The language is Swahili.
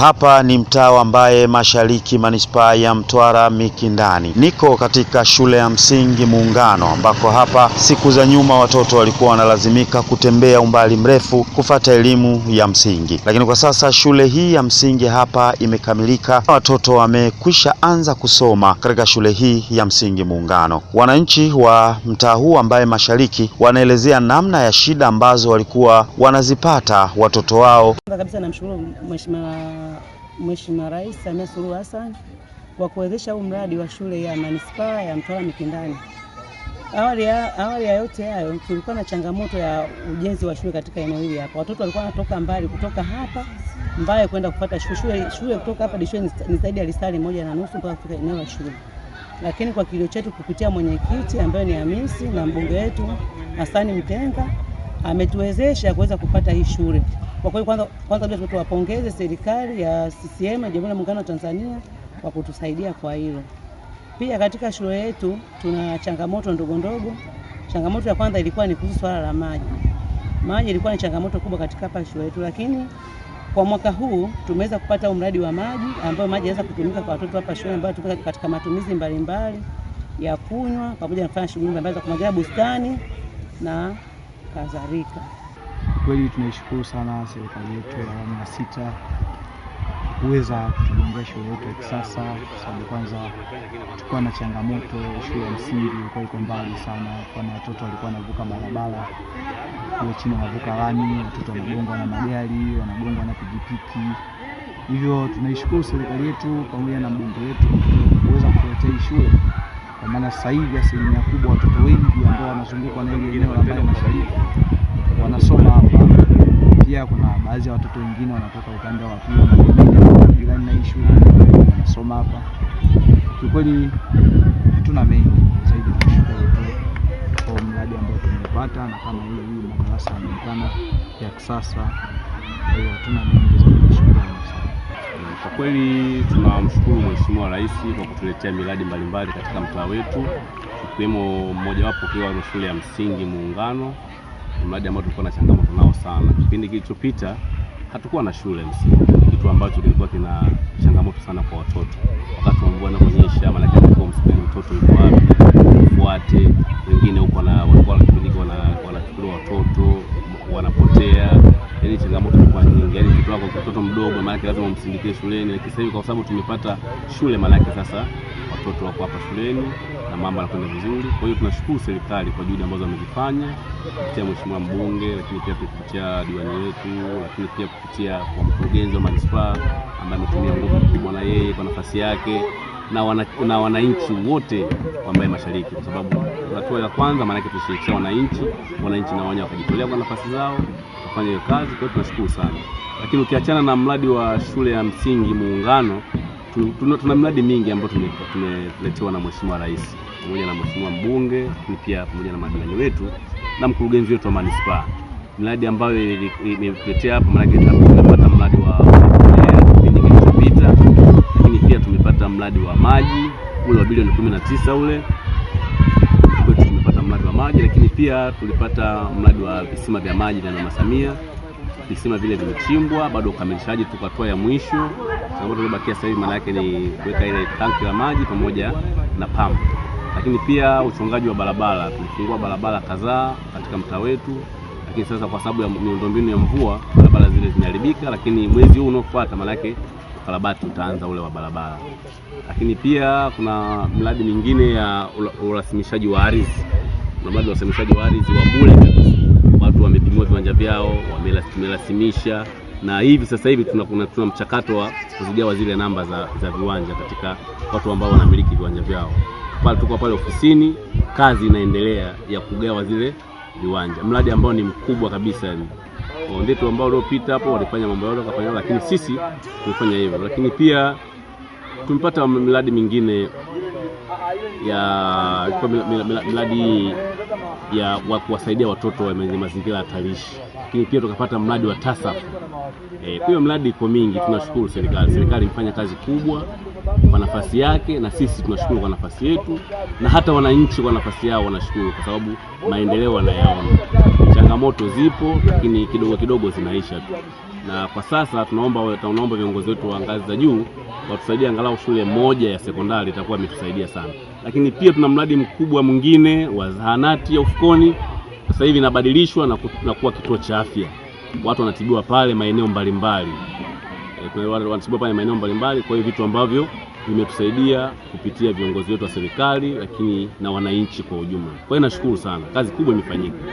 Hapa ni mtaa wa Mashariki, manispaa ya Mtwara Mikindani. Niko katika shule ya msingi Muungano, ambako hapa siku za nyuma watoto walikuwa wanalazimika kutembea umbali mrefu kufata elimu ya msingi, lakini kwa sasa shule hii ya msingi hapa imekamilika, watoto wamekwisha anza kusoma katika shule hii ya msingi Muungano. Wananchi wa mtaa huu wa Mashariki wanaelezea namna ya shida ambazo walikuwa wanazipata watoto wao. Kabisa namshukuru mheshimiwa Mheshimiwa Rais Samia Suluhu Hassan kwa kuwezesha huu mradi wa shule ya manispaa ya Mtwara Mikindani. Awali ya, awali ya yote hayo tulikuwa na changamoto ya ujenzi wa shule katika eneo hili hapa. Watoto walikuwa wanatoka mbali kutoka hapa Mbaye kwenda kupata shule. Shule kutoka hapa Dishwe ni zaidi ya lisali moja na nusu mpaka kufika eneo la shule, lakini kwa kilio chetu kupitia mwenyekiti ambaye ni Hamisi na mbunge wetu Hasani Mtenga ametuwezesha kuweza kupata hii shule. Kwa kweli kwanza kwanza bila tuwapongeze serikali ya CCM Jamhuri ya Muungano wa Tanzania kwa kutusaidia kwa hilo. Pia katika shule yetu tuna changamoto ndogo ndogo. Changamoto ya kwanza ilikuwa ni kuhusu swala la maji. Maji ilikuwa ni changamoto kubwa katika hapa shule yetu, lakini kwa mwaka huu tumeweza kupata mradi wa maji ambayo maji yanaweza kutumika kwa watoto hapa shule ambayo tumeweza katika matumizi mbalimbali mbali, ya kunywa pamoja na kufanya shughuli mbalimbali za kumwagilia bustani na kadhalika. Kweli tunaishukuru sana serikali yetu ya awamu ya sita kuweza kutujengea shule yetu ya kisasa, kwa sababu kwanza tukuwa na changamoto. Shule ya msingi ilikuwa iko mbali sana, kwani watoto walikuwa wanavuka barabara kule chini, wanavuka lami, watoto wanagongwa na magari, wanagongwa na pikipiki. Hivyo tunaishukuru serikali yetu pamoja na mbunge wetu kuweza kutuletea shule kwa maana sasa hivi asilimia kubwa watoto wengi ambao wanazungukwa na ile eneo la Mbeya Mashariki wanasoma hapa. Pia kuna baadhi ya watoto wengine wanatoka upande wa pili jirani na ishu wanasoma hapa. Kiukweli hatuna mengi zaidi ya tu kwa mradi ambao tumepata, na kama hii hii madarasa yanaonekana ya kisasa, kwa hiyo hatuna mengi kwa kweli tunamshukuru Mheshimiwa Rais kwa kutuletea miradi mbalimbali katika mtaa wetu, ikiwemo mmojawapo ukiwa ni shule ya msingi Muungano, mradi ambao tulikuwa na changamoto nao sana. Kipindi kilichopita hatukuwa na shule msingi, kitu ambacho kilikuwa kina changamoto sana kwa watoto, wakati mvua kunyesha, maana yake msukuli mtoto yuko wapi fuate, wengine huko walikuwa wanachukuliwa watoto wanapotea kweli changamoto ilikuwa nyingi, yani mtoto wako mtoto mdogo, yake lazima umsindikie shuleni, lakini sasa hivi kwa sababu tumepata shule, yake sasa watoto wako hapa shuleni na mambo yanakwenda vizuri. Kwa hiyo tunashukuru serikali kwa juhudi ambazo wamezifanya kupitia mheshimiwa mbunge, lakini pia kupitia diwani wetu, lakini pia kupitia kwa mkurugenzi wa manispaa ambaye ametumia nguvu kubwa na yeye kwa nafasi yake na, wana, wananchi wote wa Mbeya Mashariki, kwa sababu hatua ya kwanza maanake tushirikisha wananchi, wananchi na wenyewe wakajitolea kwa nafasi zao kufanya hiyo kazi. Kwa hiyo tunashukuru sana, lakini ukiachana na mradi wa shule ya msingi Muungano, tuna, tuna miradi mingi ambayo tumeletewa na Mheshimiwa Rais pamoja na Mheshimiwa mbunge ni pia pamoja na madiwani wetu na mkurugenzi wetu wa manispaa, miradi ambayo imetuletea hapa, maanake tunapata mradi wa eh, kipindi kilichopita tumepata mradi wa maji ule wa bilioni 19 ule kwetu, tumepata mradi wa maji, lakini pia tulipata mradi wa visima vya maji na Mama Samia. Visima vile vimechimbwa, bado ukamilishaji tuko hatua ya mwisho. Changamoto iliyobakia sasa hivi maana yake ni kuweka ile tanki la maji pamoja na pump, lakini pia uchongaji wa barabara. Tulifungua barabara kadhaa katika mtaa wetu, lakini sasa kwa sababu ya miundombinu ya mvua barabara zile zinaharibika, lakini mwezi huu unaofuata maana yake ukarabati utaanza ule wa barabara, lakini pia kuna mradi mingine ya urasimishaji wa ardhi. Kuna mradi wa urasimishaji wa ardhi wa bure kabisa, watu wamepimiwa viwanja vyao, wamerasimisha na hivi sasa hivi tuna, kuna, tuna mchakato wa kuzigawa zile namba za, za viwanja katika watu ambao wanamiliki viwanja vyao. Pale tuko pale ofisini, kazi inaendelea ya kugawa zile viwanja, mradi ambao ni mkubwa kabisa ni wenzetu ambao waliopita hapo walifanya mambo yao wakafanya, lakini sisi tumefanya hivyo. Lakini pia tumepata miradi mingine ya miradi ya wa kuwasaidia watoto wenye mazingira hatarishi, lakini pia tukapata mradi wa TASAF. E, hiyo mradi iko mingi. Tunashukuru serikali, serikali imefanya kazi kubwa kwa nafasi yake, na sisi tunashukuru kwa nafasi yetu, na hata wananchi kwa nafasi yao wanashukuru, kwa sababu maendeleo wanayaona changamoto zipo, lakini kidogo kidogo zinaisha tu, na kwa sasa tunaomba tunaomba viongozi wetu wa ngazi za juu watusaidie angalau shule moja ya sekondari, itakuwa imetusaidia sana. Lakini pia tuna mradi mkubwa mwingine wa zahanati ya Ufukoni, sasa hivi inabadilishwa na, na kuwa kituo cha afya. Watu wanatibiwa pale maeneo mbalimbali eh, wanatibiwa pale maeneo mbalimbali. Kwa hiyo vitu ambavyo vimetusaidia kupitia viongozi wetu wa serikali, lakini na wananchi kwa ujumla. Kwa hiyo nashukuru sana, kazi kubwa imefanyika.